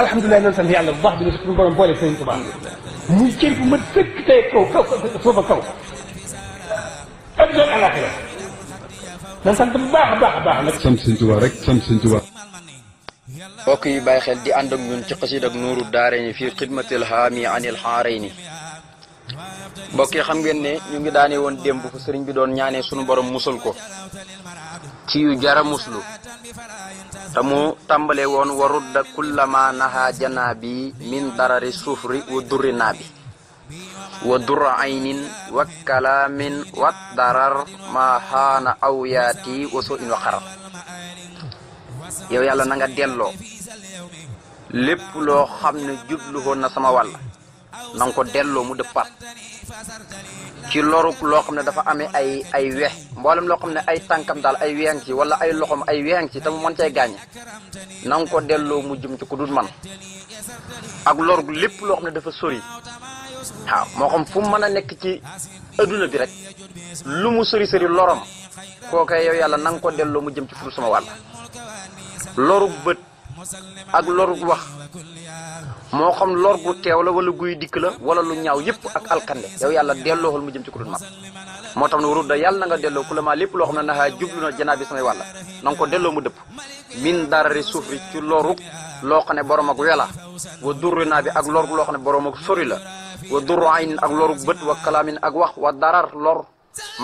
alhamdulilah noonu sant yàlla bu baax bi ne suñu borom boole sëriñ muy cër bu mat sëkk tey kaw kaw foofa kaw ak doon alaxira nan sant baax baax baax nag sant sëriñ Tuubaa rek yi bàyyi xel di ànd ak ñun ci xasid ak nuuru daarayni fii xidmatil haami anil haarayni mbokk yi xam ngeen ne ñu ngi daane woon démb fu sëriñ bi doon ñaanee suñu boroom musal ko ci yu jara muslu te mu tàmbale woon warudda kullama naha janaa bi min darari suufri wa durri naa bi wa durra aynin wa kalaamin wa darar ma xaana aw yaati wa soo in wa yow yàlla na nga delloo lépp loo xam ne jubluwoon na sama wàll na delloo mu dëppaat ci loru loo xam ne dafa ame ay ay wex mboolem loo xam ne ay tànkam daal ay weeng ci wala ay loxoom ay weeng ci te mu mën cay gaañe na ko delloo mu jëm ci ku du man ak lépp loo xam ne dafa sori waaw fu mu mën a nekk ci adduna bi rek lu mu sori sori lorom kooka yàlla na delloo mu jëm ci ku sama wàll loru bët ak loru wax moo xam lor gu teew la wala guy dikk la wala lu ñaaw yëpp ak alkande yow yàlla dellooxul mu jëm ci ku dul mag moo tax ne warul da yàlla na nga delloo ku la maa lépp loo xam ne na janaa bi samay wàlla na nga ko delloo mu dëpp min darari suuf ri ci loru loo xam ne borom ak wela wa durri naa bi ak lor loo xam ne borom ak sori la wa durru aynin ak loru bët wa kalaamin ak wax wa darar lor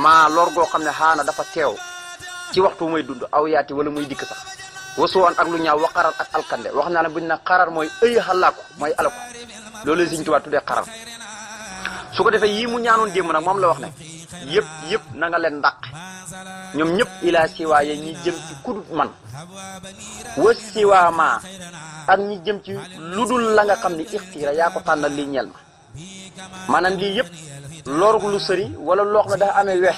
maa lor goo xam ne xaana dafa teew ci waxtu muy dund aw yaati wala muy dikk sax wasuwaan ak lu ñaaw wa xarar ak alkande wax na ne buñ na xarar mooy ëy xalaaku mooy alaku loolu Sëriñ watu de xarar su ko defee yii mu ñaanoon démb nag moom la wax ne yëpp yëpp na nga leen ndàq ñoom ñëpp ilaa siwaa ye ñi jëm ci kudut man wa siwaa maa ak ñi jëm ci lu dul la nga xam ne ixtiira yaa ko tànnal lii ñeel ma maanaam lii yëpp lorug lu sëri wala loo xam ne dafa amee weex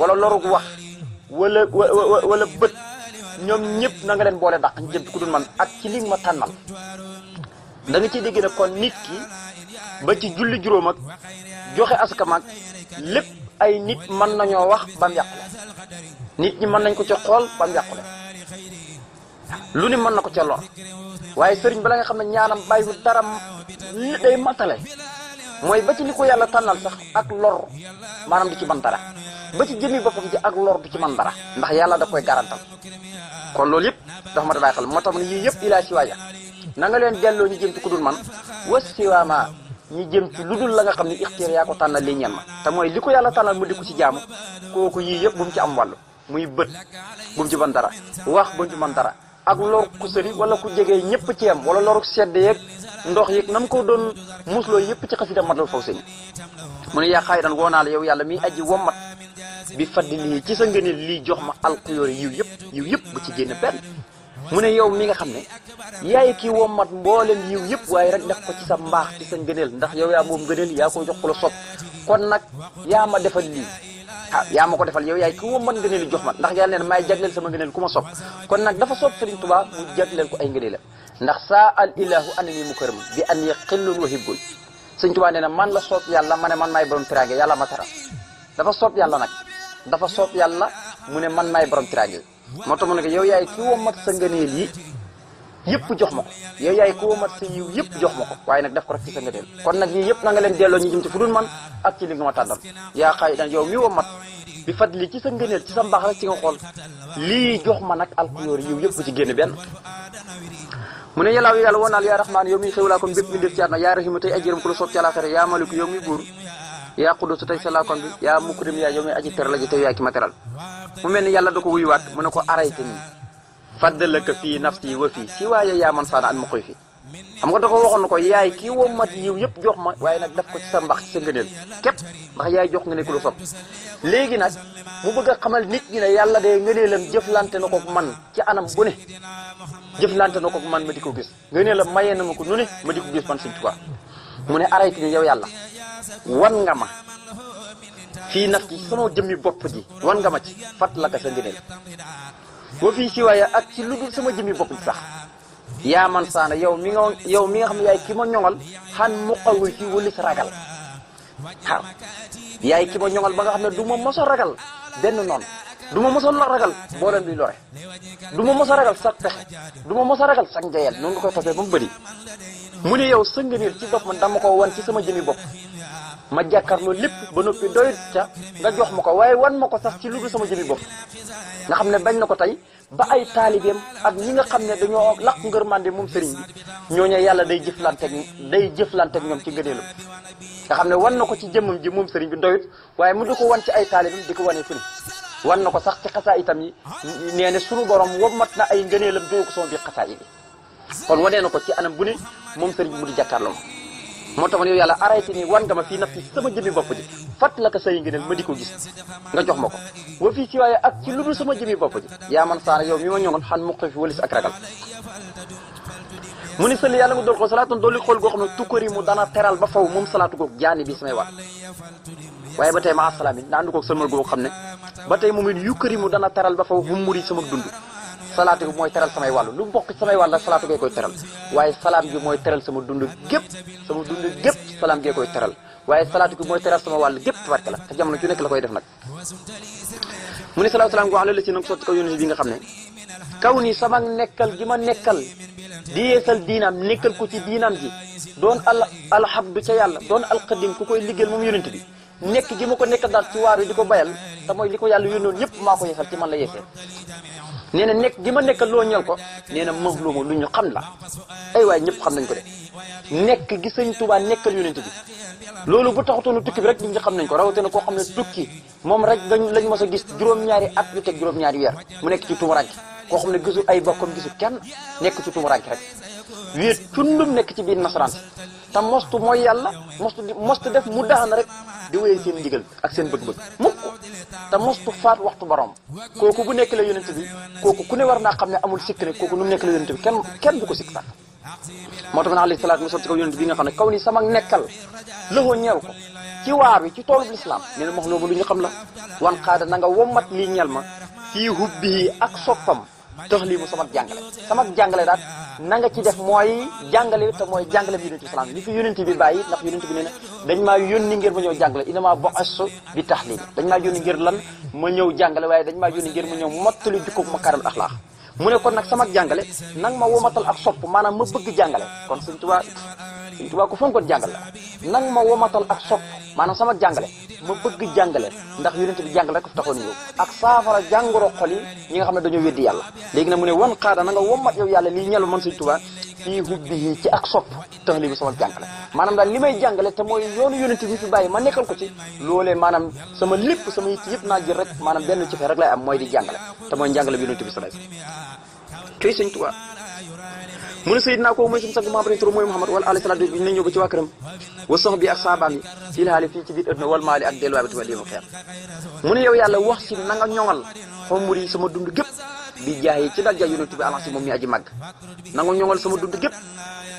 wala lorug wax wala bët ñoom ñëpp na nga leen boole dàq ñu jëm ku dul man ak ci li ma tànnal da nga ciy dégg ne kon nit ki ba ci julli juróom joxe askam ak lépp ay nit man nañoo wax ba mu yàqule nit ñi mën nañ ko ca xool ba mu yàqule lu ne mën na ko ca lor waaye sëriñ bala nga xam ne ñaanam bàyyiwul dara li day matale mooy ba ci li ko yàlla tànnal sax ak lor maanaam du ci man dara ba ci jëmi boppam ji ak lor du ci mën dara ndax yàlla da koy garantal kon loolu yëpp dafa mat a bàyyi xel moo tax ne yii yëpp ilaa siwaaya na nga leen delloo ñu jëm ci ku dul man wa siwaama ñu jëm ci lu dul la nga xam ne ixtiyaar yaa ko tànnal li ñeen ma te mooy li ko yàlla tànnal mu di ko ci jaamu kooku yii yëpp bu mu ci am wàllu muy bët bu mu ci mën dara wax bu mu ci mën dara ak lor ku sëri wala ku jege ñëpp ci am wala loru sedd yeeg ndox yeeg na mu ko doon musloo yëpp ci xasida matlal faw sëñ mu ne yaa xayiran woo naa la yow yàlla miy aji wommat bi fadli ci sa ngëneel lii jox ma alxuyóor yiw yëpp yiw yëpp bu ci génn benn mu ne yow mi nga xam ne yaay kii mat mboolem yiw yëpp waaye rek def ko ci sa mbaax ci sa ngëneel ndax yow yaa moom ngëneel yaa ko jox ku la sopp kon nag yaa ma defal lii ah yaa ma ko defal yow yaay ki wommat ngëneel yi jox ma ndax yàlla neen maay jagleel sama ngëneel ku ma sopp kon nag dafa sopp Sëriñ Tuubaa mu jagleel ko ay ngëneelam ndax saa al ilahu anani mukarram bi an ya xillul wa hibbul Sëriñ Tuubaa nee na man la sopp yàlla ma ne man maay borom teraange yàlla ma teral dafa yàlla nag dafa soob yàlla mu ne man naay borom tiraange moo tax mu ne yow yaay ki womat sa ngëneel yi yëpp jox ma ko yow yaay ki womat sa yiw yëpp jox ma ko waaye nag def ko rek ci sa ngëneel kon nag yëpp na leen delloo ñu jëm ci fu dul man ak ma tàndal yaa xaay dan yow mi womat bi fadli ci sa ngëneel ci sa mbaax rek ci nga xool lii jox ma nag alkuyoor yiw yëpp ci génn benn mu ne yàllaaw yàlla woon naal yaa rahmaan yow miy xewlaa kon bépp mi ndef ci àdduna yaa rahiima tey ajëram ku la soob ci àllaaxira yaa yaa qudusu tey sa laakoon bi yaa mukrim yaa yow mi aji teral ji te yaa ki ma teral mu mel ni yàlla da ko wuyuwaat mu ne ko arayte nii faddalaka fii nafsi wa fii si waaye yaa man saana an ma koy fi xam nga da waxoon na ko yaay kii woo mat yiw yëpp jox ma waaye nag daf ko ci sa mbax ci sa ngëneel ndax yaay jox nga ne ku la sopp léegi nag mu bëgg a xamal nit ñi ne yàlla de ngëneelam jëflante na ko man ci anam bu ne jëflante na ko man ma di ko gis ngëneelam mayee na ma ko nu ma di ko gis man Sëñ Tuubaa mu ne arrêté ni yow yàlla wan nga ma fii naf ci sama jëmmi bopp ji wan nga ma ci fàttalaka sa ngëneel boo fii si waaye ak ci lu dul sama jëmmi bopp ji sax yaa man saana yow mi nga yow mi nga xam ne yaay ki a ñoŋal xan muqawwi ci wëlis ragal xaar yaay ki ma ñoŋal ba nga xam ne du ma mos a ragal benn noonu du ma mos a ragal mboolem bi lore du ma mos a ragal sa pexe du ma mos a ragal sa njeyal noonu nga koy toppee ba mu bëri mu ne yow sa ngëneel ci bopp man dama ko wan ci sama jëmmi bopp ma jàkkaarloo lépp ba noppi doyut ca nga jox ma ko waaye wan ma ko sax ci lu dul sama jëmi bopp nga xam ne bañ na ko tey ba ay taalibeem ak ñi nga xam ne dañoo làq ngërmande moom sëriñ bi ñooñu yàlla day jëflanteeg day jëflanteeg ñoom ci ngëneelu nga xam ne wan na ko ci jëmmam ji moom sëriñ bi doyut waaye mu di ko wan ci ay taalibeem di ko wanee fëri wan na ko sax ci xasaa itam yi nee ne sunu borom mat na ay ngëneelam doo ko sama biir xasaa yi kon wanee na ko ci anam bu ne moom sëriñ bi mu di jàkkaarloo moo taxoon yow yàlla arrêté nii wan nga ma fii nafsi sama jëmmi bopp ji fàttalaka say ngëneel ma di ko gis nga jox ma ko wa fii ci waaye ak ci lu dul sama jëmmi bopp ji yaa man saana yow mi ma ñoŋoon xan muq fi walis ak ragal mu ni sëli yàlla nga dool ko salaatoon dooli xool goo xam ne tukkari mu dana teral ba faw moom salaatu googu jaani bi samay waat waaye ba tey ma asalaam yi ndaa andu koog sëlmal googu xam ne ba tey moom it yukkari mu dana teral ba faw mu sama dund salaatu bi mooy teral samay wàllu lu bokk ci samay wàll salaatu gee koy teral waaye salaam gi mooy teral sama dund gépp sama dund gépp salaam gee koy teral waaye salaatu gi mooy teral sama wàll gépp tabarka la te jamono ju nekk la koy def nag mu ne salaatu salaam go wax la ci nag sotti ko yónni bi nga xam ne kaw ni sama nekkal gi ma nekkal di yeesal diinaam nekkal ko ci diinaam ji doon al alxabdu ca yàlla doon alxadim ku koy liggéeyal moom yonent bi nekk gi ma ko nekkal daal ci waar wi di ko bayal te mooy li ko yàlla yónnoon ñëpp maa ko yeesal ci man la yeesee nee na nekk gi ma nekk loo ñeel ko nee na maxluuma lu ñu xam la ay waay ñëpp xam nañ ko de nekk gi sëñ Tuubaa nekkal yonent bi loolu bu taxutoonu tukki bi rek nit ñi xam nañ ko rawatina koo xam ne tukki moom rek lañ mos a gis juróom-ñaari at yu teg juróom-ñaari weer mu nekk ci tumuraanke koo xam ne gisul ay bokkam gisul kenn nekk ci tumuraanke rek wéet cundum nekk ci biir nasaraan te mostu mooy yàlla mostu mostu def mu daxan rek di wéyee seen ndigal ak seen bëgg-bëgg mukk te mostu faat waxtu borom kooku bu nekk la yonent bi kooku ku ne war naa xam ne amul sikk ne kooku nu nekk la yonent bi kenn kenn ko sikk sax moo tax ma ne alayhi salaatu mu sotti ko bi nga xam ne kaw ni sama nekkal lëxoo ñeel ko ci waar wi ci toolub lislaam nee max loobu lu ñu xam la wan xaada na nga womat lii ñel ma fii hubbi ak soppam taxliimu sama jàngale sama jàngale daal na nga ci def mooy jàngale te mooy jàngale bi yonent bi salaam li fi yonent bi bàyyi ndax yonent bi nee na dañ maa yónni ngir ma ñëw jàngale inama bo asu bi taxliim dañ maa yónni ngir lan ma ñëw jàngale waaye dañ maa yónni ngir ma ñëw mottali jukkoog ma karam axlaax mu ne kon nag sama jàngale nang ma womatal ak sopp maanaam ma bëgg jàngale kon Sëñ Tuubaa Sëñ Tuubaa ku fonkoon jàngal la nang ma womatal ak sopp maanaam sama jàngale ma bëgg jàngale ndax yonente bi jàngale rek fi taxoon ñëw ak saafara jàngoro xol ñi nga xam ne dañoo weddi yàlla léegi na nga womat yow yàlla lii ñelu man Sëñ Tuubaa fii hubbi ci ak sopp taxali bi maanaam daal li may jàngale te mooy yoonu yonente bi ma nekkal ko ci loolee maanaam sama lépp sama yitt yëpp naa rek maanaam benn ci fee lay am mooy di jàngale te mooy njàngale bi yonente bi sallallahu alayhi wasallam mu ne Seydina kooku mooy suñu sang membre yi trop mooy Muhammad wala alayhi salaatu dinañ ñëw ba ci waa këram sox bi ak saabaam yi fii xaali fii ci biir ma xeer mu gépp bi jaay ci dal jaay yonent bi alax si moom mi aji màgg na nga ñoŋal sama dund gépp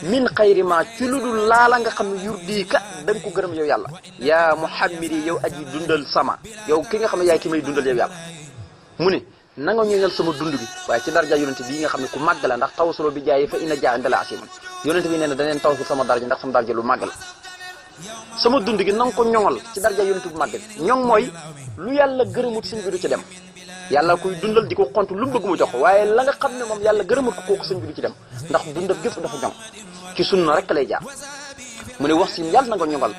min xayri ma ci lu dul laala nga xam ne di ka da ko gërëm yow yàlla yaa muhammadi yow aji dundal sama yow ki nga xam ne yaay ki may dundal yow yàlla nanga nga ñuy sama dund bi waaye ci darja yonente bi nga xam ne ku màgg la ndax taw solo bi jaay fa ina jaay ndala asiman yonente bi nee na daneen taw sama darja ndax lu màgg la sama dund gi na ko ñoŋal ci darja yonente bu màgg bi ñoŋ mooy lu yàlla gërëmut sëñ bi du ci dem yàlla kuy dundal di ko xont lu bëgg mu jox waaye la xam ne moom yàlla gërëmut ko kooku bi du ci dem ndax dundam gépp dafa ñoŋ ci sunna rek lay jaar mu ne wax si yàlla na nga ñoŋal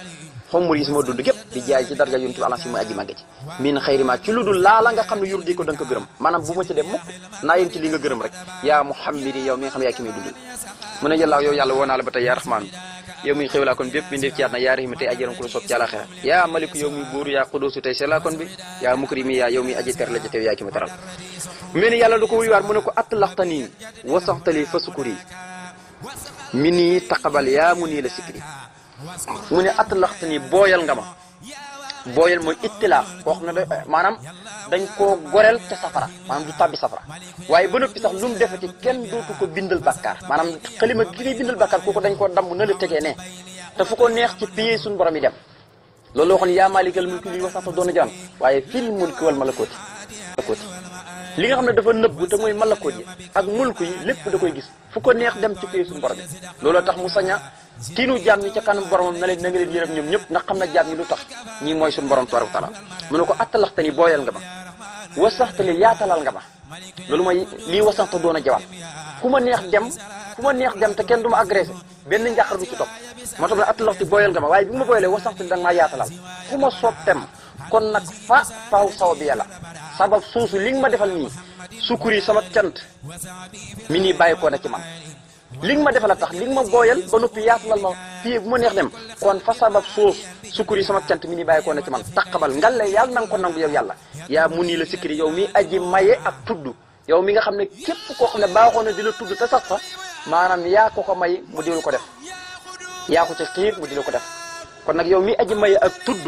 xommul yi sama dund gépp di jaay ci darja yonent bi alan si mooy aji màgg ci min xayri ci lu dul laa nga xam ne yurdi ko da nga ko gërëm maanaam bu ma ci dem mukk naa yem ci li nga gërëm rek yaa muhammadi yow mi nga xam ne yaa ki dund yaa raxmaan yow muy yaa yaa maliku aji ter la jotee yaa ki teral mu yàlla du ko wuyuwaat mu ne ko atlaxta nii wasaxtali fa sukuri mi nii taqabal yaa mu nii la sikri mu ne atlaxt ni booyal nga ma booyal mooy ittilaax koo xam ne da maanaam dañ koo goreel ca safara maanaam du tàbbi safara waaye ba noppi sax lu mu defati kenn dootu ko bindal bàkkaar maanaam xalima gi ngay bindal bàkkaar kooku dañ koo damm na la tegee ne te fu ko neex ci payé suñu borom yi dem loolu waxoon yaa maalikal mulki li wasata doona jaran waaye fil mulki wal malakooti malakooti li nga xam ne dafa nëbbu te mooy malakoot yi ak lépp da koy gis fu ko neex dem ci looloo tax mu saña kiinu jaam ñi ca kanam boromam na leen na nga leen ñoom ñëpp ndax xam na jaam ñi lu tax ñii mooy suñu borom tabaaraka taala mu ne ko attalaxta nga ma wasaxta li yaatalal ma loolu mooy lii wasaxta doon a jawaab ma neex dem ku ma neex dem kenn du ma agressé benn njàqar du ci topp moo tax ne attalaxti booyal nga ma waaye bi ma booyalee wasaxta li da nga maa yaatalal ku ma soppeem kon nag fa faaw saw bi yàlla sabab suusu li ma defal nii sukkuri sama cant mi nii bàyyi ko na ci man li nga ma defal a tax li ma booyal ba noppi yaatalal ma fii bu ma neex dem kon fa sabab soos sukkur sama cant mi ni bàyyi ko na ci man taqabal ngal la yàlla na nga ko nangu yow yàlla yaa mu nii la sikkiri yow mi aji maye ak tudd yow mi nga xam ne képp koo xam ne baaxoon na di la tudd te sax fa maanaam yaa ko ko may mu dilu ko def yaa ko ca xiir mu dilu ko def kon nag yow mi aji maye ak tudd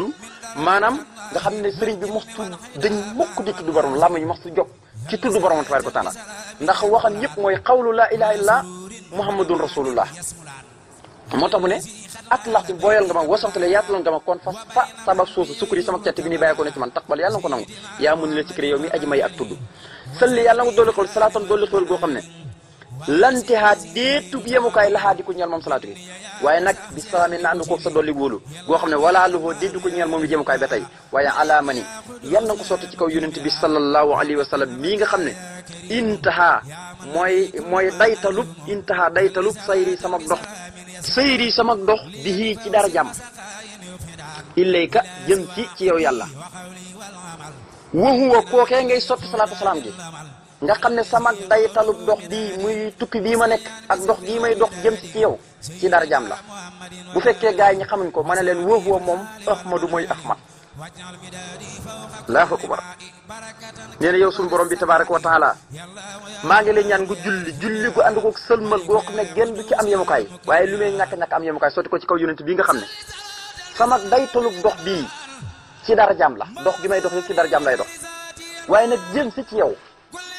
maanaam nga xam ne sëriñ bi moxtu dañ mukk di tudd borom làmmiñ moxtu jóg ci tudd borom tabaaraka wa taala ndax waxam yëpp mooy xawlu laa ilaaha illa muhammadun rasulullah moo tax mu ne at laxti booyal nga ma wasantale yaataloon nga ma kon fa fa sabab suusu sukkuri sama catti bi ni bàyyi ko ci man taqbal yàlla nga ko nangu yaa mun la ci yow mi aji may ak tudd salli yàlla nga dolli xol salaatan dolli xol goo xam ne lantihaa déetub yemukaay laxaa di ko ñeel moom salaatu waaye nag bi salaami na ànd koog sa dolli wóolu goo xam ne walaa luhoo déetu ko ñeel moom i yemukaay ba tey waaye alaama ni yal na ko sotti ci kaw yonent bi sallallahu alayhi wa sallam mii nga xam ne intahaa mooy mooy daytalub intahaa daytalub sayri sama dox sayri sama dox bihii ci dara jàmm ka jëm ci ci yow yàlla wa huwa kookee ngay sotti salaatu salaam gi nga xam ne sama day talub dox bi muy tukki bii ma nekk ak dox gii may dox jëm si ci yow ci dara jaam la bu fekkee gars yi ñu xamuñ ko ma ne leen wóof wóof moom ahmadu mooy ahmad laahu akbar nee na yow suñu borom bi tabaaraka wa taala maa ngi lay ñaan gu julli julli gu ànd kook sëlmal goo xam ne genn du ci am yemukaay waaye lu muy ñàkk ñàkk am yemukaay sotti ko ci kaw yonent bi nga xam ne sama day talub dox bi ci dara jaam la dox gi may dox ci dara jaam lay waaye nag jëm ci yow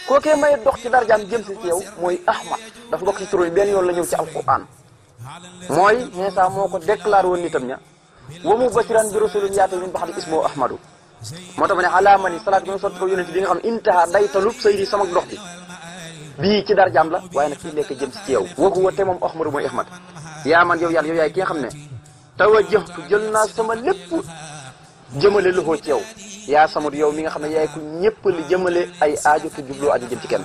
kookee may dox ci darjaam jëm si ci yow mooy ahmad dafa bokk ci turu benn yoon la ñëw ci alquran mooy Iisaa moo ko déclaré woon nitam ña wa mubashiran bi rasulin yaati min ba'di ismuhu ahmadu moo tax ma ne alaama ni salaat bi ma sotti ko yonent bi nga xam intaha day talub saydi sama dox bi bii ci darjaam la waaye nag fii lekk jëm ci yow wa te moom ahmadu mooy ahmad yaa man yow yàlla yow yaay ki nga xam ne tawajjahtu jël naa sama lépp jëmale loxoo ci yow yaa samut yow mi nga xam ne yaay ku ñëpp li jëmale ay aajo te jubloo aajo jëm ci kenn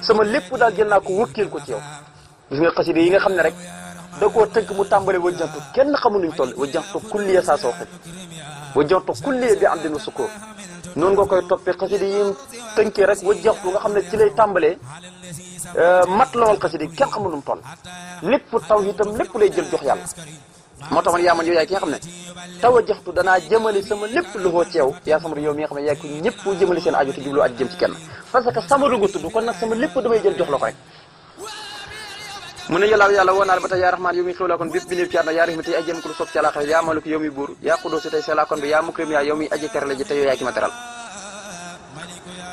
sama lépp daal jël naa ko wëkkil ko ci yow gis nga yi nga xam ne rek da koo tënk mu tàmbale wajjantu kenn xamul nuñ toll wajjantu kulliya saa sooxe wajjantu kulliya bi am dina sukkoor noonu nga koy toppee xaside yi tënkee rek wajjantu nga xam ne ci tàmbale tàmbalee euh, mat lawal xaside yi kenn xamul nu mu toll lépp taw itam lépp lay jël jox yàlla moo tax man yaa man yow xam ne tawa jaxtu danaa jëmali sama lépp loxoo ceew yaa samadu yow mi nga xam ne yaay ko ñëpp jëmali seen aju te jublu aju jëm ci kenn parce que samadu nga tudd kon nag sama lépp damay jël jox la ko rek mu ne yàllaaw yàlla woo naa la ba tey yaa raxmaan yow mi xewlaa kon bis bi néew caat na yaa raxmi tey ay jëm ko lu sopp ci àlla xaw yaa malik yow mi buur yaa xudoo si tey seela kon bi yaa mukrim yaa yow mi aji ji te yow yaay ma teral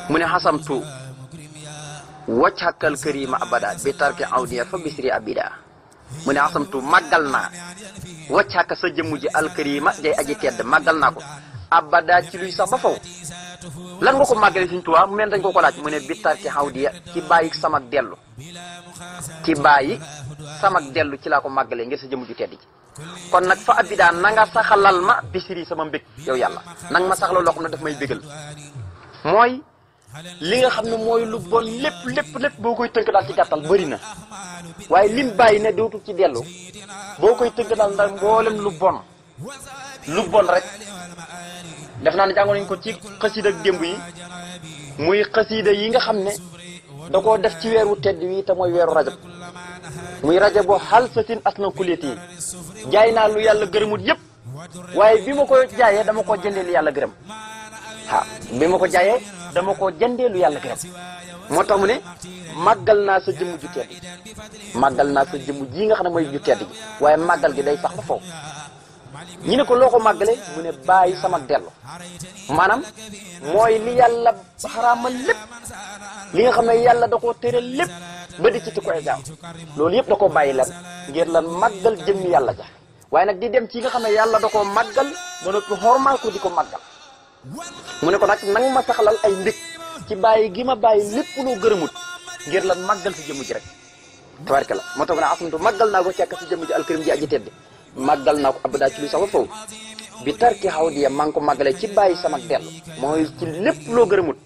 mu ne xasamtu wacc xakkal karima abada bi waccaaka sa jëmm ji alkarima jay aji tedd màggal naa ko abada ci luy sax ba faw lan nga ko màggale Sëriñ Tuubaa mu mel dañ ko ko laaj mu ne bittar ci xaw di diya ci bàyyi samak dellu ci bàyyi samak dellu ci laa ko màggalee ngir sa jëmm ju tedd ji kon nag fa abida na nga saxalal ma bisiri sama mbég yow yàlla nang ma saxalal loo xam ne daf may bégal mooy li nga xam ne mooy lu bon lépp lépp lépp boo koy tënk daal ci gàttal bëri na waaye lim bàyyi ne dootul ci dellu boo koy tënk daal ndax mboolem lu bon lu bon rek def naa ne jàngoon nañu ko ci xasida ak démb yi muy xasida yi nga xam ne da koo def ci weeru tedd wi te mooy weeru rajab muy rajab boo xal sa sin as na kuléet yi jaay naa lu yàlla gërëmut yépp waaye bi ma ko jaayee dama ko jëndee lu yàlla gërëm waaw bi ma ko jaayee dama ko jandeelu yàlla ki rek moo tax mu ne màggal naa sa jëmm ju tedd ji màggal naa sa jëmm jii nga xam ne mooy ju tedd ji waaye màggal gi day sax ba faw ñi ne ko loo ko màggalee mu ne bàyyi sama dellu maanaam mooy li yàlla xaraamal lépp li nga xam ne yàlla da koo tere lépp ba di ci ti koy gaaw loolu yëpp da ko bàyyi lan ngir la màggal jëmmi yàlla ja waaye nag di dem ci nga xam yàlla da koo màggal ba noppi xormaal ko di ko màggal mu ne ko nag nang ma taxalal ay mbég ci bàyyi gi ma bàyyi lépp loo gërëmut ngir lan màggal si jëmm ji rek tabarka la moo tax ma ne asmatu naa ko ci ak jëmm ji alkarim ji aji tedd màggal naa ko abada ci lu sama faw bi tar tarki xaw diya maa ngi ko màggalee ci bàyyi sama dellu mooy ci lépp loo gërëmut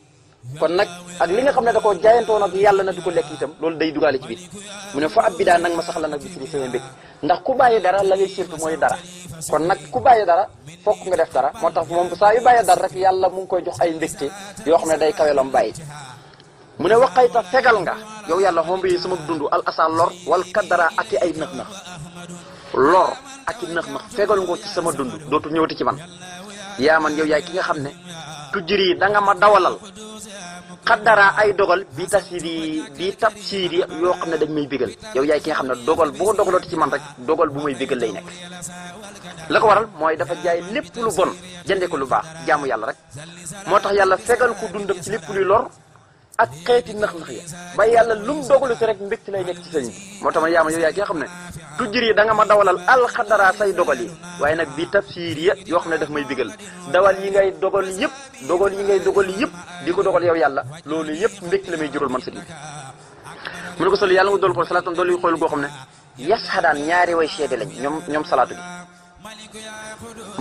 kon nag ak li nga xam ne da koo jaayantoon ak yàlla na du ko lekk itam loolu day dugaale ci biir mu ne fa ab bi nang ma saxla nag bi ci di sama mbég ndax ku bàyyi dara la ngay séentu mooy dara kon nag ku bàyyi dara fokk nga def dara moo tax moom saa yu bàyyi dara rek yàlla mu ngi koy jox ay mbégte yoo xam ne day kawe la mu bàyyi mu ne wax waqayta fegal nga yow yàlla moom bi sama dund al asa lor wal kaddara ak i ay nëx nëx lor ak i nëx nëx fegal nga ci sama dund dootu ñëwati ci man yaa man yow yaay ki nga xam ne tujjir yi da ma dawalal dara ay dogal bii tafsir yi bii tafsir yi yoo xam ne dañ may bégal yow yaay ki nga xam ne dogal boo dogalooti ci man rek dogal bu may bégal lay nekk la ko waral mooy dafa jaay lépp lu bon jëndee ko lu baax jaamu yàlla rek moo tax yàlla fegal ko dundam ci lépp luy lor ak xeeti nax-nax ya ba yàlla lu mu dogalute rek mbekk lay nekk ci sëñ bi moo tax ma yaa ma yow yaa ki nga xam ne tujjir yi da nga ma dawalal alxadara say dogal yi waaye nag bi tafsiir ya yoo xam ne daf may bigal dawal yi ngay dogal yëpp dogal yi ngay dogal yëpp di ko dogal yow yàlla loolu yëpp mbégte la may jural man sëñ bi mu ne ko solo yàlla nga dool ko salaatan dool yu xool goo xam ne yas xadaan ñaari way seede lañ ñoom ñoom salaatu bi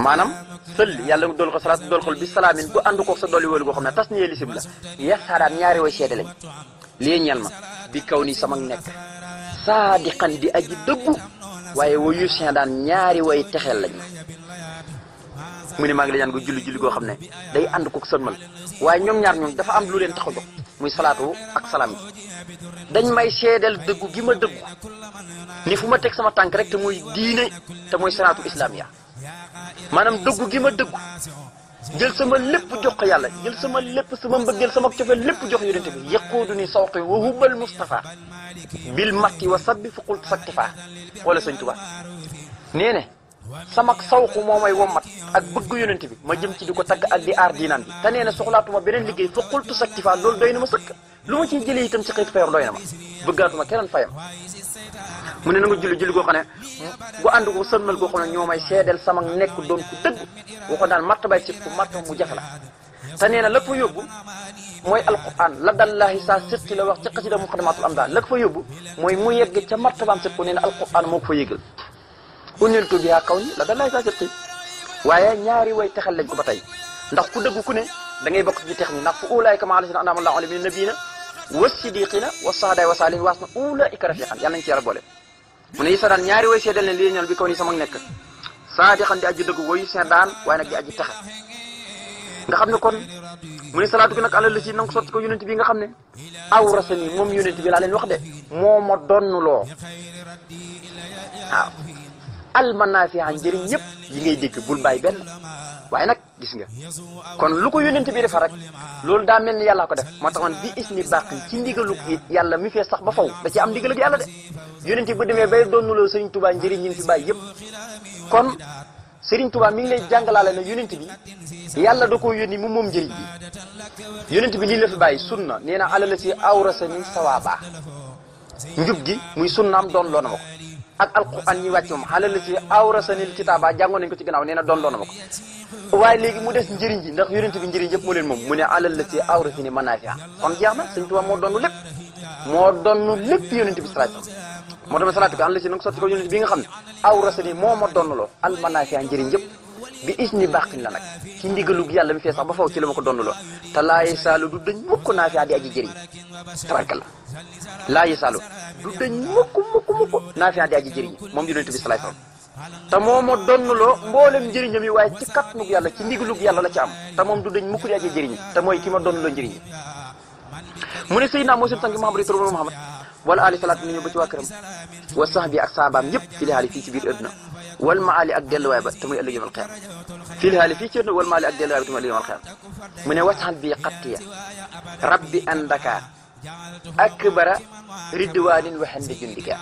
maanaam sëlli yàlla dool ko salaat dool xol bi salaamin ànd kook sa dolli wóolu goo xam ne tas niyee lisib la yees xaaraat ñaari way seede lañ li ñel ma bi kaw nii sama nekk saadiqan di aji dëggu waaye wayu sin daan ñaari way texeel lañ ma mu ne maa ngi la ñaan nga julli xam ne day ànd kook sëlmal waaye ñoom ñaar ñoom dafa am lu leen tax a muy salaatu ak salaam dañ may seedeel dëggu gi ma dëggu ni fu ma teg sama tànk rek te muy diine te muy salaatu islaam ya maanaam dëggu gi ma dëggu jël sama lépp jox ko yàlla jël sama lépp sama mbëggeel sama cofe lépp jox yonent bi yaquudu ni sawqi wa hubal Mustafa bil matti wa sabbi fuqul saktifa wala sëñ Tuba nee ne sama sawqu moo may wommat ak bëgg yonent bi ma jëm ci di ko tagg ak di aar diinaan bi te nee na soxlaatuma beneen liggéey fuqultu saktifa loolu doy na ma sëkk lu ma ciy jëlee tam ci xëy feer doy na ma bëggaatuma keneen fayam mu ne na nga julli julli goo xam ne gu ànd ko sëlmal goo xam ne ñoo may seedeel sama nekk doon ku dëgg waxoon daal martabay ci ku martaba mu jafe la te nee na la fa yóbbu mooy alquran la dallahi saa sirti la wax ci xasida mu xadamatul am daal la fa yóbbu mooy mu yegg ca martabaam sirku nee na alquran moo ko fa yëgal uniltu biha kaw ni la dallahi sa sirti waaye ñaari way texal lañ ko ba tey ndax ku dëgg ku ne da ngay bokk ci tex mi ndax fu ulaayka maa lasina anaamallahu alayhim mina nabiyina wa sidiqina wa saaday wa saalihin waas na ulaayka nañ ci yàlla mu ne Issa daan ñaari way seedal ne lii ñoon bi kaw nii sama nekk saa di xam di aji dëggu woyu seedaan waaye nag di aji texe nga xam ne kon mu ne salaatu gi nag àla la si nanga sotti ko yonent bi nga xam ne aw awrasani moom yonent bi laa leen wax de moo ma donnuloo waaw almanafia njëriñ ñëpp yi ngay dégg bul bàyyi benn waaye nag gis nga kon lu ko yónnent bi defar rek loolu daa mel ni yàllaa ko def moo taxoon bi is ni bàq ci ndigalu yàlla mi fee sax ba faw da ci am ndigal ak yàlla de yónnent bi bu demee bay doonuloo Serigne Touba njëriñ ñi fi bàyyi yëpp kon Serigne Touba mi ngi lay jàngalaale ne yónnent bi yàlla da koo yónni mu moom njëriñ bi yónnent bi lii la fi bàyyi sunna nee na alal la si awrasa ni sawaaba njub gi muy sunnaam doon loona ma ak alquran ñuy wàcc moom xale la ci awrasanil kitaaba jàngoon nañu ko ci gannaaw nee na doon doon ko waaye léegi mu des njëriñ ji ndax yonent bi njëriñ yëpp moo leen moom mu ne alal la ci awrasani manaafi'a kon jeex na Sëñ moo doon lépp moo doon lépp yonent bi salaatu moo doon salaatu bi an la ci nag sotti ko yonent bi nga xam ne awrasani moo ma doon loo al manaafi'a njëriñ yëpp bi isni baaxin la nag ci ndigalug yàlla mi fee sax ba faw ci la ma ko donn loo te laay saalu du dañ mukk naa fi adi aji jëriñ tabaraka la laayi saalu du dañ mukk mukk mukk naa fi adi aji jëriñ moom yonent bi salaay salaam te moo ma donnloo mboolem njëriñam yi waaye ci kattanug yàlla ci ndigalug yàlla la ci am te moom du dañ mukk di aji te mooy ki ma donnloo njëriñ mu ne Seydina moo seen sangi Muhammad turul Muhammad wala ni ñu ba ci waa këram wa sax bi ak saabaam yëpp ci li xaali fii ci biir adduna wal maali ak delluwaay ba te muy ëllëg yawmal qiyaama fii haali fii ci wal maali ak delluwaay ba te muy ëllëg yawmal qiyaama mu ne wasaxal bii xattiya rabbi andaka akbara ridwaanin waxande jundika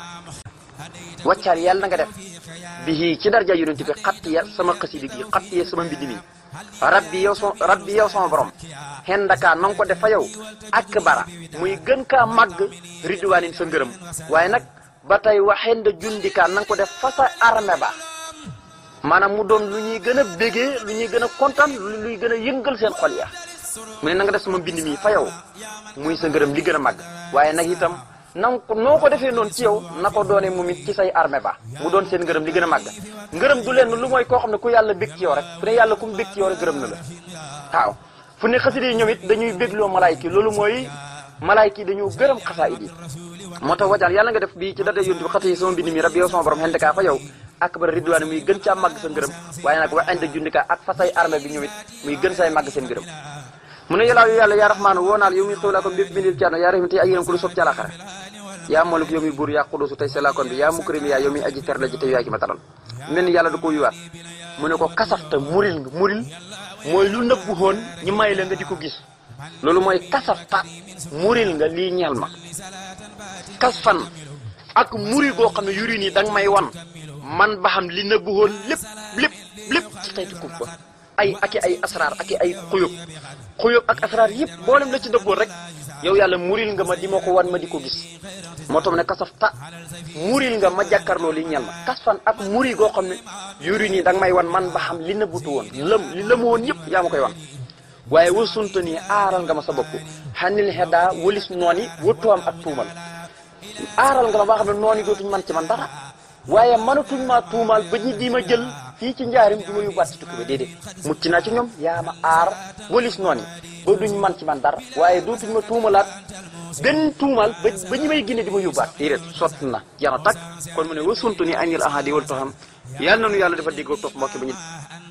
waccaal yàlla na nga bi bihi ci darja yonent bi xattiya sama xasidi gi xattiya sama mbind mi rabbi yow son yow sama borom xendaka na nga ko def fa yow akbara muy gën kaa màgg ridwaanin sa ngërëm waaye nag ba tey waxeen da jundikaan na nga ko def fa sa armée ba maanaam mu doon lu ñuy gën a bégee lu ñuy gën a kontaan luy gën a yëngal seen xol ya mu ne na nga def sama mbind mi fa yow muy sa ngërëm li gën a màgg waaye nag itam nan ko noo ko defee noonu ci yow na ko doonee moom it ci say armée ba mu doon seen ngërëm li gën a màgg ngërëm du leen lu mooy koo xam ne ku yàlla bég ci yow rek fu ne yàlla ku mu bég ci yow rek gërëm na la waaw fu ne xasida yi ñoom it dañuy bégloo malaayka loolu mooy malaayka yi dañoo gërëm xasaayid yi moo tax wajal yàlla nga def bii ci dada yontu bi xata yi sama mbind mi rabbi yow sama borom xendkaa fa yow ak bara ridwaane muy gën caa màgg sa ngërëm mu ne yàlla yaa ko ma talal mel ni yàlla da ko yuwaat mu ne ko kasafta muril muril mooy lu nëbbu hoon ñi may nga di ko gis loolu mooy kasafta muril nga lii ñeel ma kas fan ak muri goo xam ne yuri nii danga may wan man ba xam li nëbbu woon lépp lépp lépp ci tey tukkub ba ay ak ay asraar ak ay xuyub xuyub ak asraar yëpp boolem la ci nëbboon rek yow yàlla muril nga ma di ma ko wan ma di ko gis moo tax ne kasaf ta nga ma jàkkaarloo li ñel ma kas fan ak muri goo xam ne yuri nii danga may wan man ba xam li nëbbutu woon lëm lëmu woon yëpp yaa ma koy wan waaye wasunta nii aaral nga ma sa bopp xanil xeddaa walis noon yi wëttuwam ak tuumal aaral nga ma ba xam ne noon yi man ci man dara waaye mënatuñ maa tuumaal ba ñi di ma jël fii ci njaarim du ma yóbbaat ci tukki ba déedéet mucc naa ci ñoom yaa ma aar walis noon yi ba duñ man ci man dara waaye dootuñ ma tuumalaat benn tuumaal ba ba ñi may génne di ma yóbbaat déedéet sott na jana takk kon mu ne wasuntu nii añil ahadi wal toxam yàlla nanu yàlla dafa déggoo topp mbokki ba